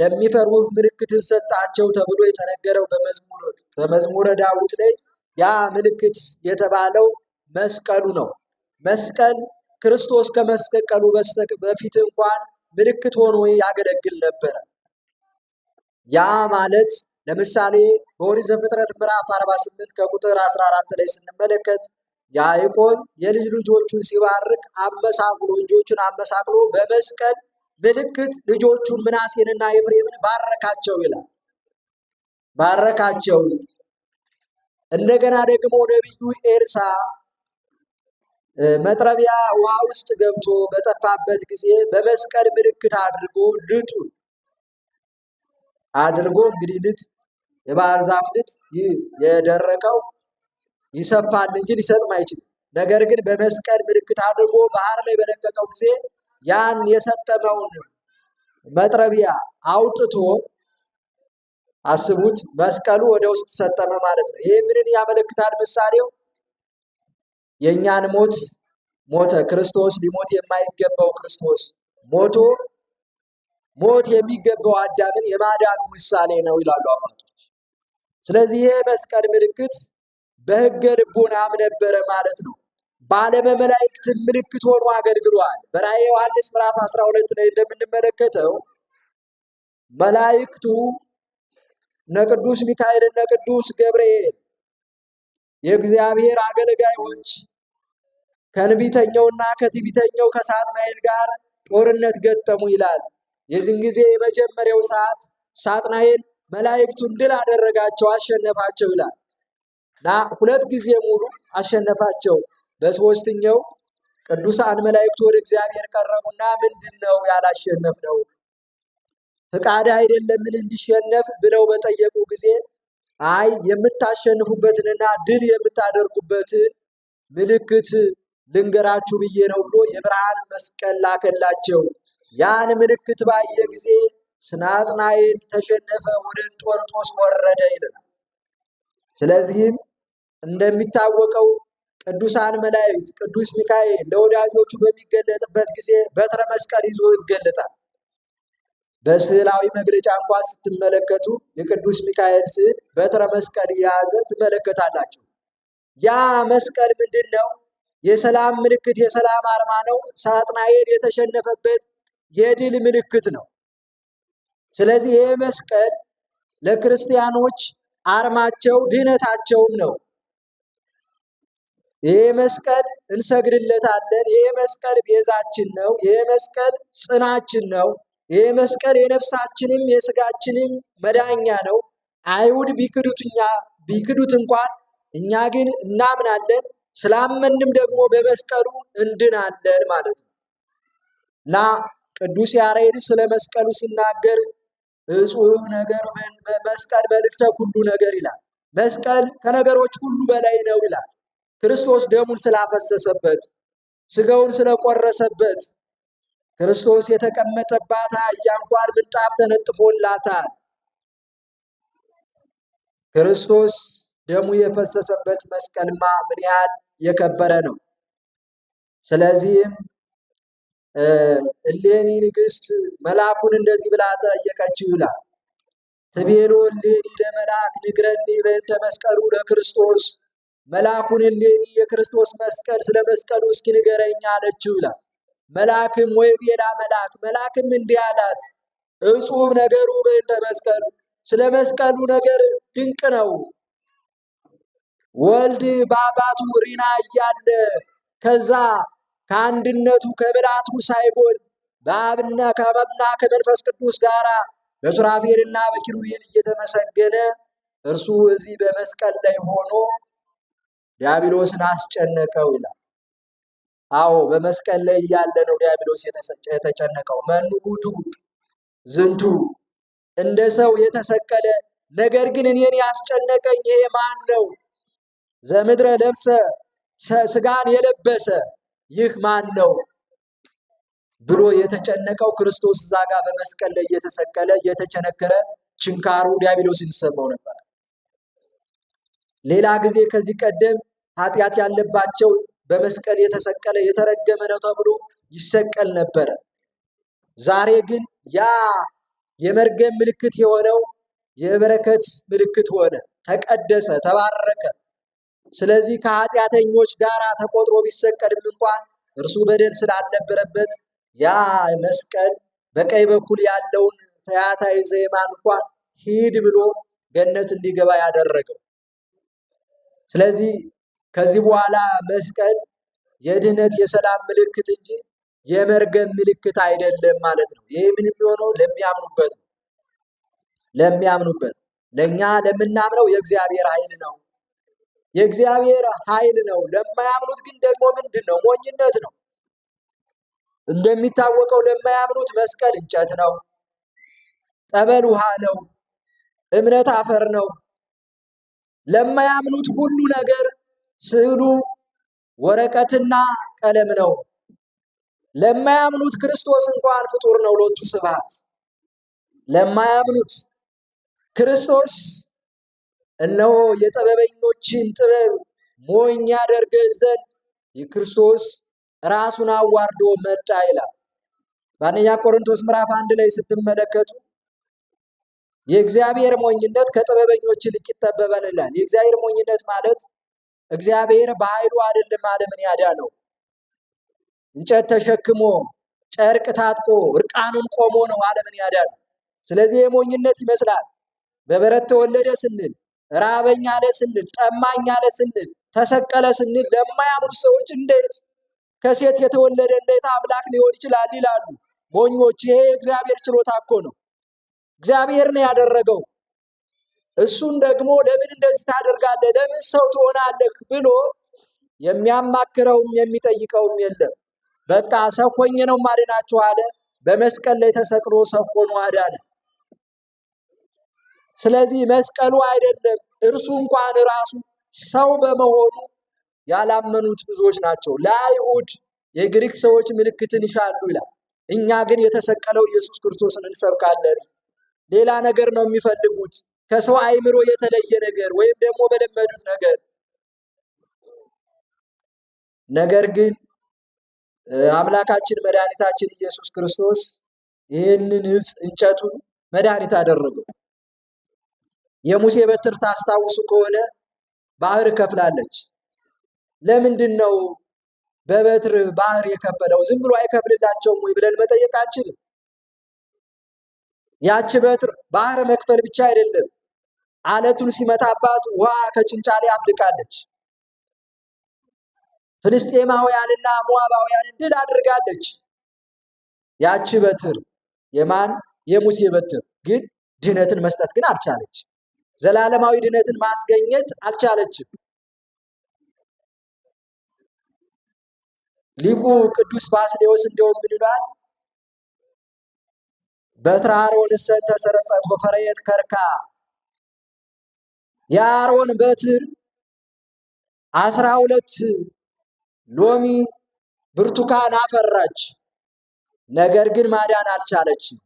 ለሚፈሩህ ምልክትን ሰጣቸው ተብሎ የተነገረው በመዝሙረ ዳዊት ላይ ያ ምልክት የተባለው መስቀሉ ነው። መስቀል ክርስቶስ ከመስቀሉ በፊት እንኳን ምልክት ሆኖ ያገለግል ነበረ። ያ ማለት ለምሳሌ በኦሪት ዘፍጥረት ምዕራፍ 48 ከቁጥር 14 ላይ ስንመለከት ያዕቆብ የልጅ ልጆቹን ሲባርክ አመሳቅሎ እጆቹን አመሳቅሎ በመስቀል ምልክት ልጆቹን ምናሴንና ኤፍሬምን ባረካቸው ይላል። ባረካቸው። እንደገና ደግሞ ነቢዩ ኤልሳ መጥረቢያ ውሃ ውስጥ ገብቶ በጠፋበት ጊዜ በመስቀል ምልክት አድርጎ ልጡን አድርጎ እንግዲህ ልጥ የባህር ዛፍ ልጥ የደረቀው ይሰፋል እንጂ ሊሰጥም አይችልም። ነገር ግን በመስቀል ምልክት አድርጎ ባህር ላይ በለቀቀው ጊዜ ያን የሰጠመውን መጥረቢያ አውጥቶ አስቡት፣ መስቀሉ ወደ ውስጥ ሰጠመ ማለት ነው። ይህ ምንን ያመለክታል? ምሳሌው የእኛን ሞት ሞተ። ክርስቶስ ሊሞት የማይገባው ክርስቶስ ሞቶ ሞት የሚገባው አዳምን የማዳኑ ምሳሌ ነው ይላሉ አባቶች። ስለዚህ ይህ መስቀል ምልክት በሕገ ልቡናም ነበረ ማለት ነው። ባለመመላእክት ምልክት ሆኖ አገልግሏል። በራእየ ዮሐንስ ምዕራፍ 12 ላይ እንደምንመለከተው መላእክቱ እነ ቅዱስ ሚካኤል እነ ቅዱስ ገብርኤል የእግዚአብሔር አገልጋዮች ከንቢተኛውና ከትቢተኛው ከሳጥናኤል ጋር ጦርነት ገጠሙ ይላል። የዚህን ጊዜ የመጀመሪያው ሰዓት ሳጥናኤል መላእክቱን ድል አደረጋቸው፣ አሸነፋቸው ይላል እና ሁለት ጊዜ ሙሉ አሸነፋቸው። በሦስተኛው ቅዱሳን መላእክቱ ወደ እግዚአብሔር ቀረቡና ምንድን ነው ያላሸነፍነው? ፍቃድ አይደለምን እንዲሸነፍ ብለው በጠየቁ ጊዜ አይ የምታሸንፉበትንና ድል የምታደርጉበትን ምልክት ልንገራችሁ ብዬ ነው ብሎ የብርሃን መስቀል ላከላቸው። ያን ምልክት ባየ ጊዜ ስናጥናኤል ተሸነፈ፣ ወደ እንጦርጦስ ወረደ ይለናል። ስለዚህም እንደሚታወቀው ቅዱሳን መላእክት ቅዱስ ሚካኤል ለወዳጆቹ በሚገለጥበት ጊዜ በትረ መስቀል ይዞ ይገለጣል። በስዕላዊ መግለጫ እንኳን ስትመለከቱ የቅዱስ ሚካኤል ስዕል በትረ መስቀል የያዘ ትመለከታላችሁ። ያ መስቀል ምንድን ነው? የሰላም ምልክት፣ የሰላም አርማ ነው። ሳጥናኤል የተሸነፈበት የድል ምልክት ነው። ስለዚህ ይህ መስቀል ለክርስቲያኖች አርማቸው ድህነታቸውም ነው። ይሄ መስቀል እንሰግድለታለን። ይሄ መስቀል ቤዛችን ነው። የመስቀል መስቀል ጽናችን ነው። ይሄ መስቀል የነፍሳችንም የስጋችንም መዳኛ ነው። አይሁድ ቢክዱትኛ ቢክዱት እንኳን እኛ ግን እናምናለን። ስላመንም ደግሞ በመስቀሉ እንድናለን ማለት ነው እና ቅዱስ ያሬድ ስለ መስቀሉ ሲናገር እጹብ ነገር መስቀል በልክተ ሁሉ ነገር ይላል። መስቀል ከነገሮች ሁሉ በላይ ነው ይላል። ክርስቶስ ደሙን ስላፈሰሰበት፣ ስጋውን ስለቆረሰበት፣ ክርስቶስ የተቀመጠባት አህያ እንኳን ምንጣፍ ተነጥፎላታል። ክርስቶስ ደሙ የፈሰሰበት መስቀልማ ምን ያህል የከበረ ነው። ስለዚህም እሌኒ ንግስት መልአኩን እንደዚህ ብላ ጠየቀችው ይላል ትቤሎ እሌኒ ለመልአክ ንግረኒ በእንተ መስቀሉ ለክርስቶስ መልአኩን እሌኒ የክርስቶስ መስቀል ስለ መስቀሉ እስኪ ንገረኝ አለችው ይላል። መልአክም ወይ ሌላ መልአክ መልአክም እንዲህ አላት፣ እጹብ ነገሩ በእንተ መስቀሉ ስለ መስቀሉ ነገር ድንቅ ነው። ወልድ በአባቱ ሪና እያለ ከዛ ከአንድነቱ ከብላቱ ሳይቦል በአብና ከአብና ከመንፈስ ቅዱስ ጋር በሱራፌልና በኪሩቤል እየተመሰገነ እርሱ እዚህ በመስቀል ላይ ሆኖ ዲያብሎስን አስጨነቀው ይላል። አዎ በመስቀል ላይ እያለ ነው ዲያብሎስ የተጨነቀው። መንዑቱ ዝንቱ እንደ ሰው የተሰቀለ ነገር ግን እኔን ያስጨነቀኝ ይሄ ማን ነው? ዘምድረ ለብሰ ስጋን የለበሰ ይህ ማን ነው ብሎ የተጨነቀው ክርስቶስ እዛ ጋር በመስቀል ላይ እየተሰቀለ እየተቸነከረ ችንካሩ ዲያብሎስን ይሰማው ነበር። ሌላ ጊዜ ከዚህ ቀደም ኃጢአት ያለባቸው በመስቀል የተሰቀለ የተረገመ ነው ተብሎ ይሰቀል ነበረ። ዛሬ ግን ያ የመርገም ምልክት የሆነው የበረከት ምልክት ሆነ፣ ተቀደሰ፣ ተባረከ። ስለዚህ ከኃጢአተኞች ጋር ተቆጥሮ ቢሰቀልም እንኳን እርሱ በደል ስላልነበረበት ያ መስቀል በቀኝ በኩል ያለውን ፈያታዊ ዘየማን እንኳን ሂድ ብሎ ገነት እንዲገባ ያደረገው። ስለዚህ ከዚህ በኋላ መስቀል የድህነት የሰላም ምልክት እንጂ የመርገም ምልክት አይደለም ማለት ነው። ይህ ምን የሚሆነው ለሚያምኑበት ነው። ለሚያምኑበት ለእኛ ለምናምነው የእግዚአብሔር ኃይል ነው። የእግዚአብሔር ኃይል ነው። ለማያምኑት ግን ደግሞ ምንድን ነው? ሞኝነት ነው። እንደሚታወቀው ለማያምኑት መስቀል እንጨት ነው፣ ጠበል ውሃ ነው፣ እምነት አፈር ነው። ለማያምኑት ሁሉ ነገር ስዕሉ ወረቀትና ቀለም ነው። ለማያምኑት ክርስቶስ እንኳን ፍጡር ነው። ሎቱ ስብሐት ለማያምኑት ክርስቶስ እነሆ የጥበበኞችን ጥበብ ሞኝ ያደርገን ዘንድ የክርስቶስ ራሱን አዋርዶ መጣ ይላል። በአንደኛ ቆሮንቶስ ምዕራፍ አንድ ላይ ስትመለከቱ የእግዚአብሔር ሞኝነት ከጥበበኞች ይልቅ ይጠበባል ይላል። የእግዚአብሔር ሞኝነት ማለት እግዚአብሔር በኃይሉ አይደለም ዓለምን ያዳነው። እንጨት ተሸክሞ ጨርቅ ታጥቆ እርቃኑን ቆሞ ነው ዓለምን ያዳነው። ስለዚህ የሞኝነት ይመስላል። በበረት ተወለደ ስንል፣ ራበኝ አለ ስንል፣ ጠማኝ አለ ስንል፣ ተሰቀለ ስንል ለማያምኑ ሰዎች እንዴት ከሴት የተወለደ እንዴት አምላክ ሊሆን ይችላል ይላሉ ሞኞች። ይሄ የእግዚአብሔር ችሎታ እኮ ነው። እግዚአብሔር ነው ያደረገው። እሱን ደግሞ ለምን እንደዚህ ታደርጋለህ? ለምን ሰው ትሆናለህ? ብሎ የሚያማክረውም የሚጠይቀውም የለም። በቃ ሰው ሆኜ ነው ማድናችሁ አለ። በመስቀል ላይ ተሰቅሎ ሰው ሆኖ አዳነ። ስለዚህ መስቀሉ አይደለም እርሱ እንኳን ራሱ ሰው በመሆኑ ያላመኑት ብዙዎች ናቸው። ለአይሁድ የግሪክ ሰዎች ምልክትን ይሻሉ ይላል። እኛ ግን የተሰቀለው ኢየሱስ ክርስቶስን እንሰብካለን። ሌላ ነገር ነው የሚፈልጉት። ከሰው አይምሮ የተለየ ነገር ወይም ደግሞ በለመዱት ነገር ነገር ግን አምላካችን መድኃኒታችን ኢየሱስ ክርስቶስ ይህንን ህዝ እንጨቱን መድኃኒት አደረገው። የሙሴ በትር ታስታውሱ ከሆነ ባህር ከፍላለች። ለምንድን ነው በበትር ባህር የከፈለው? ዝም ብሎ አይከፍልላቸውም ወይ ብለን መጠየቅ አንችልም። ያቺ በትር ባህር መክፈል ብቻ አይደለም አለቱን ሲመታባት ውሃ ከጭንጫ ላይ አፍልቃለች። ፍልስጤማውያንና ሞዓባውያንን ድል አድርጋለች። ያቺ በትር የማን የሙሴ በትር ግን ድህነትን መስጠት ግን አልቻለች። ዘላለማዊ ድህነትን ማስገኘት አልቻለችም። ሊቁ ቅዱስ ባስሌዎስ እንደውም ምን ይሏል? በትራር ወንሰን ተሰረጸት በፈረየት ከርካ የአሮን በትር አስራ ሁለት ሎሚ ብርቱካን አፈራች፣ ነገር ግን ማዳን አልቻለችም።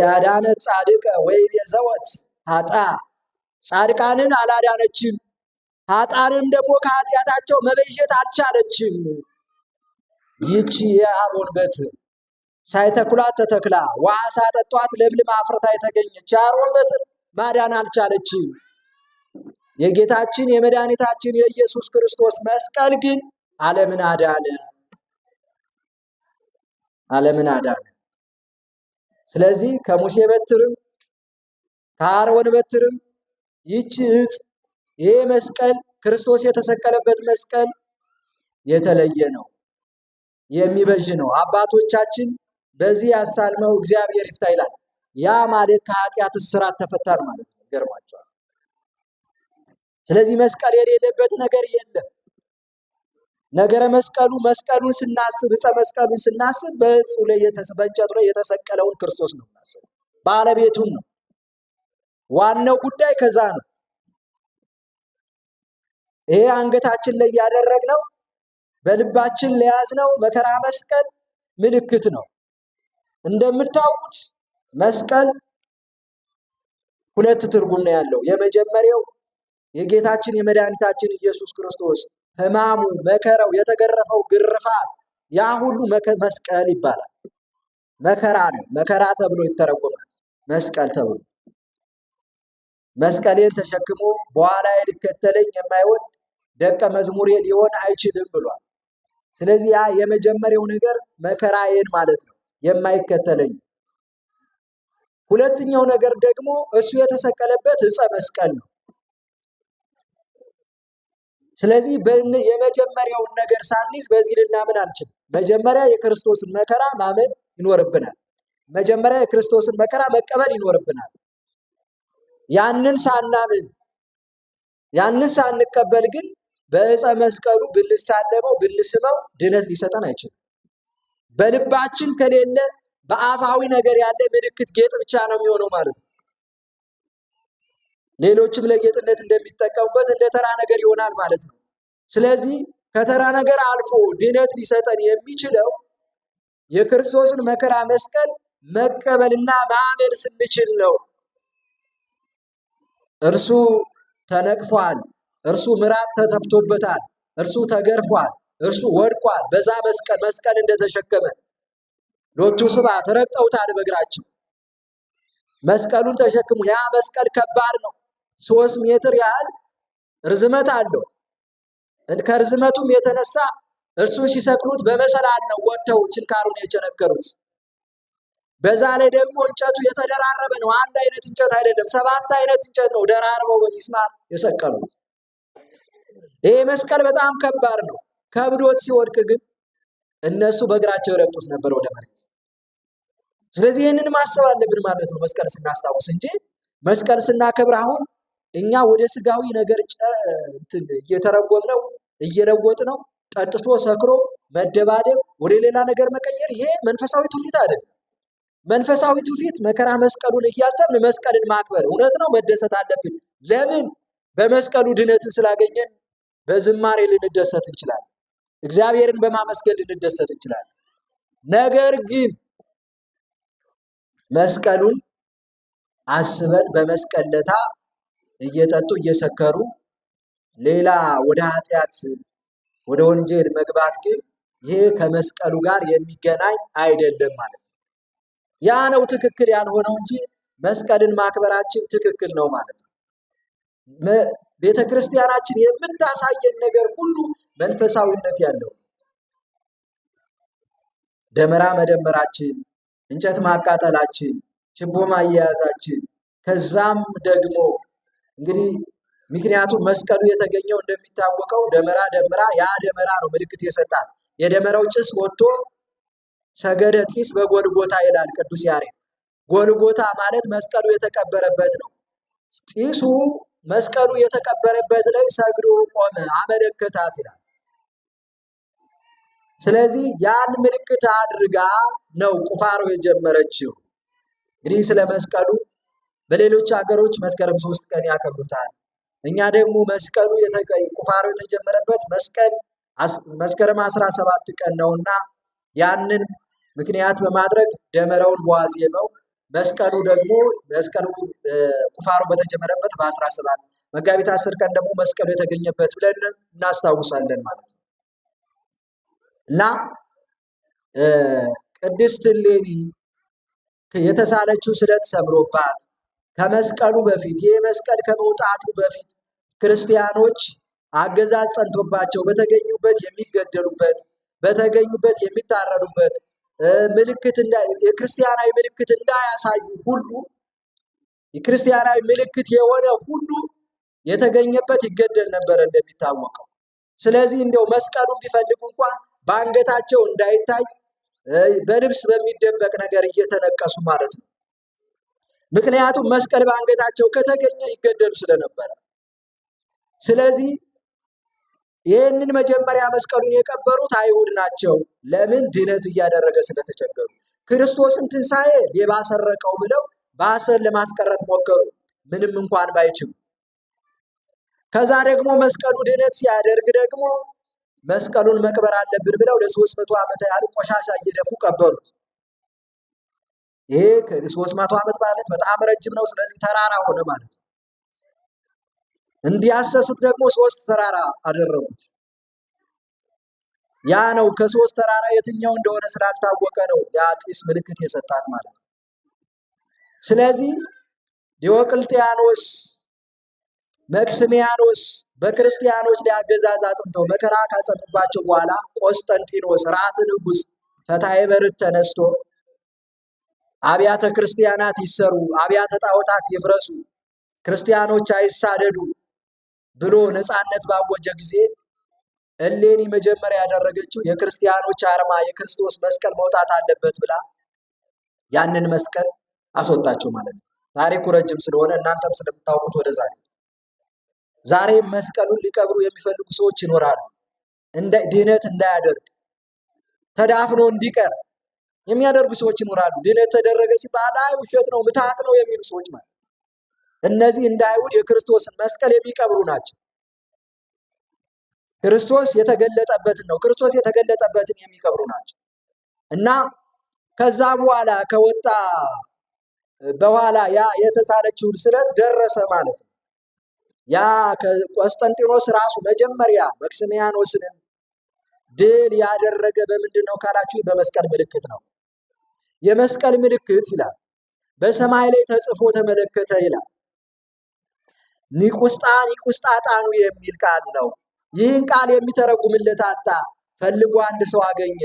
ያዳነ ጻድቀ ወይም የዘወት ሀጣ ጻድቃንን አላዳነችም፣ ሀጣንን ደግሞ ከኃጢአታቸው መበጀት አልቻለችም። ይቺ የአሮን በትር ሳይተክሏት ተተክላ ውሃ ሳያጠጧት ለምልም አፍርታ የተገኘች የአሮን በትር ማዳን አልቻለችም። የጌታችን የመድኃኒታችን የኢየሱስ ክርስቶስ መስቀል ግን ዓለምን አዳነ፣ ዓለምን አዳነ። ስለዚህ ከሙሴ በትርም ከአሮን በትርም ይቺ ዕፅ ይሄ መስቀል ክርስቶስ የተሰቀለበት መስቀል የተለየ ነው፣ የሚበዥ ነው። አባቶቻችን በዚህ ያሳልመው እግዚአብሔር ይፍታ ይላል። ያ ማለት ከኃጢአት እስራት ተፈታን ማለት ነው። ይገርማቸዋል። ስለዚህ መስቀል የሌለበት ነገር የለም። ነገረ መስቀሉ መስቀሉን ስናስብ ዕፀ መስቀሉን ስናስብ በእጹ ላይ በእንጨቱ ላይ የተሰቀለውን ክርስቶስ ነው የምናስብ፣ ባለቤቱን ነው። ዋናው ጉዳይ ከዛ ነው። ይሄ አንገታችን ላይ ያደረግነው በልባችን ለያዝነው መከራ መስቀል ምልክት ነው። እንደምታውቁት መስቀል ሁለት ትርጉም ነው ያለው። የመጀመሪያው የጌታችን የመድኃኒታችን ኢየሱስ ክርስቶስ ሕማሙ፣ መከራው፣ የተገረፈው ግርፋት ያ ሁሉ መስቀል ይባላል። መከራ ነው። መከራ ተብሎ ይተረጎማል። መስቀል ተብሎ መስቀሌን ተሸክሞ በኋላ ሊከተለኝ የማይወድ ደቀ መዝሙሬ ሊሆን አይችልም ብሏል። ስለዚህ ያ የመጀመሪያው ነገር መከራዬን ማለት ነው። የማይከተለኝ። ሁለተኛው ነገር ደግሞ እሱ የተሰቀለበት ዕፀ መስቀል ነው። ስለዚህ የመጀመሪያውን ነገር ሳንይዝ በዚህ ልናምን አንችልም። መጀመሪያ የክርስቶስን መከራ ማመን ይኖርብናል። መጀመሪያ የክርስቶስን መከራ መቀበል ይኖርብናል። ያንን ሳናምን ያንን ሳንቀበል ግን በዕፀ መስቀሉ ብንሳለመው ብንስመው ድነት ሊሰጠን አይችልም። በልባችን ከሌለ በአፋዊ ነገር ያለ ምልክት ጌጥ ብቻ ነው የሚሆነው ማለት ነው። ሌሎችም ለጌጥነት እንደሚጠቀሙበት እንደ ተራ ነገር ይሆናል ማለት ነው። ስለዚህ ከተራ ነገር አልፎ ድነት ሊሰጠን የሚችለው የክርስቶስን መከራ መስቀል መቀበልና ማመን ስንችል ነው። እርሱ ተነቅፏል፣ እርሱ ምራቅ ተተፍቶበታል፣ እርሱ ተገርፏል፣ እርሱ ወድቋል በዛ መስቀል መስቀል እንደተሸከመ ሎቱ ስብሐት ረግጠውታል በእግራቸው መስቀሉን ተሸክሙ። ያ መስቀል ከባድ ነው። ሶስት ሜትር ያህል ርዝመት አለው። ከርዝመቱም የተነሳ እርሱ ሲሰቅሉት በመሰላል ነው ወጥተው ችንካሩን የቸነከሩት። በዛ ላይ ደግሞ እንጨቱ የተደራረበ ነው። አንድ አይነት እንጨት አይደለም፣ ሰባት አይነት እንጨት ነው ደራርበው በሚስማር የሰቀሉት። ይህ መስቀል በጣም ከባድ ነው። ከብዶት ሲወድቅ ግን እነሱ በእግራቸው ይረግጡት ነበር ወደ መሬት። ስለዚህ ይህንን ማሰብ አለብን ማለት ነው መስቀል ስናስታውስ እንጂ መስቀል ስናከብር አሁን እኛ ወደ ስጋዊ ነገር እየተረጎም ነው እየለወጥ ነው ጠጥቶ ሰክሮ መደባደብ ወደ ሌላ ነገር መቀየር ይሄ መንፈሳዊ ትውፊት አይደለም። መንፈሳዊ ትውፊት መከራ መስቀሉን እያሰብን መስቀልን ማክበር እውነት ነው፣ መደሰት አለብን። ለምን? በመስቀሉ ድነትን ስላገኘን በዝማሬ ልንደሰት እንችላለን። እግዚአብሔርን በማመስገን ልንደሰት እንችላለን። ነገር ግን መስቀሉን አስበን በመስቀል ለታ እየጠጡ እየሰከሩ ሌላ ወደ ኃጢአት ወደ ወንጀል መግባት ግን ይሄ ከመስቀሉ ጋር የሚገናኝ አይደለም ማለት ነው። ያ ነው ትክክል ያልሆነው እንጂ መስቀልን ማክበራችን ትክክል ነው ማለት ነው። ቤተ ክርስቲያናችን የምታሳየን ነገር ሁሉ መንፈሳዊነት ያለው ደመራ መደመራችን፣ እንጨት ማቃጠላችን፣ ችቦ ማያያዛችን ከዛም ደግሞ እንግዲህ ምክንያቱም መስቀሉ የተገኘው እንደሚታወቀው ደመራ ደመራ ያ ደመራ ነው ምልክት የሰጣል። የደመራው ጭስ ወጥቶ ሰገደ ጢስ በጎልጎታ ይላል ቅዱስ ያሬድ። ጎልጎታ ማለት መስቀሉ የተቀበረበት ነው። ጢሱ መስቀሉ የተቀበረበት ላይ ሰግዶ ቆመ አመለከታት ይላል። ስለዚህ ያን ምልክት አድርጋ ነው ቁፋሮ የጀመረችው። እንግዲህ ስለ መስቀሉ በሌሎች ሀገሮች መስከረም ሶስት ቀን ያከብሩታል። እኛ ደግሞ መስቀሉ ቁፋሮ የተጀመረበት መስቀል መስከረም አስራ ሰባት ቀን ነውና ያንን ምክንያት በማድረግ ደመራውን በዋዜማው መስቀሉ ደግሞ መስቀሉ ቁፋሮ በተጀመረበት በ17 መጋቢት አስር ቀን ደግሞ መስቀሉ የተገኘበት ብለን እናስታውሳለን ማለት ነው እና ቅድስት እሌኒ የተሳለችው ስለት ሰምሮባት ከመስቀሉ በፊት ይህ መስቀል ከመውጣቱ በፊት ክርስቲያኖች አገዛዝ ጸንቶባቸው በተገኙበት የሚገደሉበት በተገኙበት የሚታረዱበት ምልክት የክርስቲያናዊ ምልክት እንዳያሳዩ ሁሉ የክርስቲያናዊ ምልክት የሆነ ሁሉ የተገኘበት ይገደል ነበር እንደሚታወቀው። ስለዚህ እንደው መስቀሉን ቢፈልጉ እንኳን በአንገታቸው እንዳይታይ በልብስ በሚደበቅ ነገር እየተነቀሱ ማለት ነው። ምክንያቱም መስቀል በአንገታቸው ከተገኘ ይገደሉ ስለነበረ። ስለዚህ ይህንን መጀመሪያ መስቀሉን የቀበሩት አይሁድ ናቸው። ለምን? ድህነቱ እያደረገ ስለተቸገሩ። ክርስቶስን ትንሣኤ ሌባ ሰረቀው ብለው በሐሰት ለማስቀረት ሞከሩ፣ ምንም እንኳን ባይችሉ። ከዛ ደግሞ መስቀሉ ድህነት ሲያደርግ ደግሞ መስቀሉን መቅበር አለብን ብለው ለሶስት መቶ ዓመት ያህል ቆሻሻ እየደፉ ቀበሩት። ይሄ ከሶስት መቶ ዓመት ማለት በጣም ረጅም ነው። ስለዚህ ተራራ ሆነ ማለት ነው። እንዲያሰስት ደግሞ ሶስት ተራራ አደረጉት። ያ ነው ከሶስት ተራራ የትኛው እንደሆነ ስላልታወቀ ነው ያ ጢስ ምልክት የሰጣት ማለት ነው። ስለዚህ ዲዮቅልጥያኖስ መክስሚያኖስ በክርስቲያኖች ላይ አገዛዝ አጽንተው መከራ ካጸኑባቸው በኋላ ቆስጠንጢኖስ ራት ንጉስ ፈታይ በርት ተነስቶ አብያተ ክርስቲያናት ይሰሩ፣ አብያተ ጣዖታት ይፍረሱ፣ ክርስቲያኖች አይሳደዱ፣ ብሎ ነፃነት ባወጀ ጊዜ እሌኒ መጀመሪያ ያደረገችው የክርስቲያኖች አርማ የክርስቶስ መስቀል መውጣት አለበት ብላ ያንን መስቀል አስወጣችው ማለት ነው። ታሪኩ ረጅም ስለሆነ እናንተም ስለምታውቁት ወደ ዛሬ ዛሬ መስቀሉን ሊቀብሩ የሚፈልጉ ሰዎች ይኖራሉ። እንደ ድህነት እንዳያደርግ ተዳፍኖ እንዲቀር የሚያደርጉ ሰዎች ይኖራሉ። ድህነት ተደረገ ሲባል አይ ውሸት ነው ምትሃት ነው የሚሉ ሰዎች ማለት እነዚህ እንደ አይሁድ የክርስቶስን መስቀል የሚቀብሩ ናቸው። ክርስቶስ የተገለጠበትን ነው። ክርስቶስ የተገለጠበትን የሚቀብሩ ናቸው እና ከዛ በኋላ ከወጣ በኋላ ያ የተሳለችውን ስለት ደረሰ ማለት ነው። ያ ከቆስጠንጢኖስ ራሱ መጀመሪያ መክስሚያኖስንን ድል ያደረገ በምንድን ነው ካላችሁ በመስቀል ምልክት ነው። የመስቀል ምልክት ይላል በሰማይ ላይ ተጽፎ ተመለከተ ይላል። ኒቁስጣ ኒቁስጣ ጣኑ የሚል ቃል ነው። ይህን ቃል የሚተረጉምለት አጣ። ፈልጎ አንድ ሰው አገኘ።